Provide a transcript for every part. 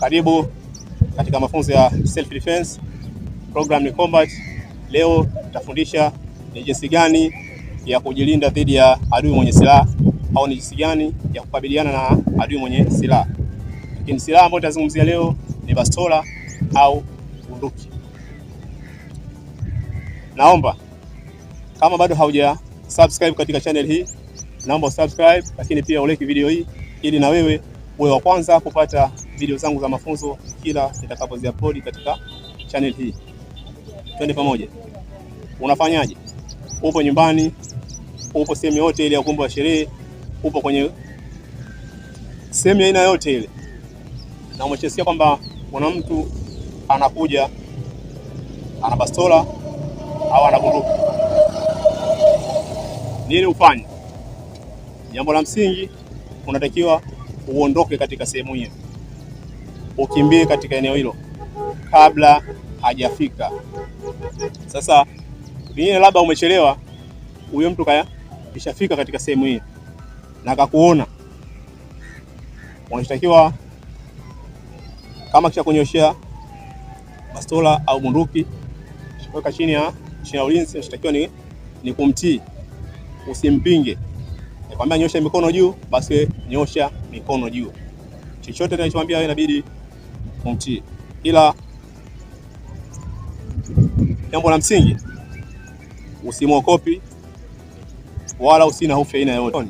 Karibu katika mafunzo ya self defense program ni combat. Leo tutafundisha ni jinsi gani ya kujilinda dhidi ya adui mwenye silaha au ni jinsi gani ya kukabiliana na adui mwenye silaha. Lakini silaha ambayo tutazungumzia leo ni bastola au bunduki. Naomba kama bado hauja subscribe katika channel hii, naomba subscribe, lakini pia uleki video hii ili na wewe uwe wa kwanza kupata video zangu za mafunzo kila nitakapoziupload katika channel hii. Twende pamoja. Unafanyaje? Upo nyumbani, upo sehemu yote ile ya ukumbi wa sherehe, upo kwenye sehemu ya aina yote ile, na umechesikia kwamba kuna mtu anakuja ana bastola au ana bunduki, nini ufanye? Jambo la msingi unatakiwa uondoke katika sehemu hiyo, ukimbie katika eneo hilo kabla hajafika. Sasa pengine labda umechelewa, huyo mtu kaya ishafika katika sehemu hiyo na akakuona, unashtakiwa kama kisha kunyoshea bastola au bunduki weka chini ya chini ya ulinzi, unashtakiwa ni, ni kumtii, usimpinge. Nikwambia nyosha mikono juu, basi nyosha mikono juu. Chochote ninachomwambia inabidi umtii, ila jambo la msingi usimwokopi wala usina hofu aina yoyote.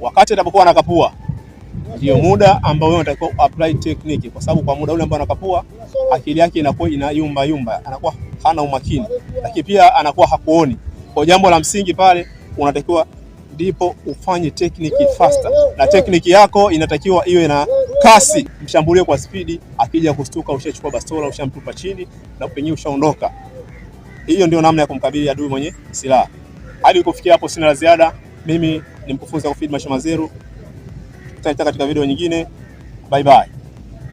Wakati atakapokuwa anakapua ndio muda ambao wewe unatakiwa apply technique, kwa sababu kwa muda ule ambao anakapua akili yake inakuwa ina yumba yumba, anakuwa hana umakini, lakini pia anakuwa hakuoni. Kwa jambo la msingi pale unatakiwa ndipo ufanye tekniki faster, na tekniki yako inatakiwa iwe na kasi. Mshambulie kwa spidi, akija kustuka ushachukua bastola, ushamtupa chini na pengine ushaondoka. Hiyo ndio namna ya kumkabili adui mwenye silaha. Hadi kufikia hapo, sina la ziada. Mimi ni mkufunzi wa Field Marshal tutakutana katika video nyingine. Bye bye.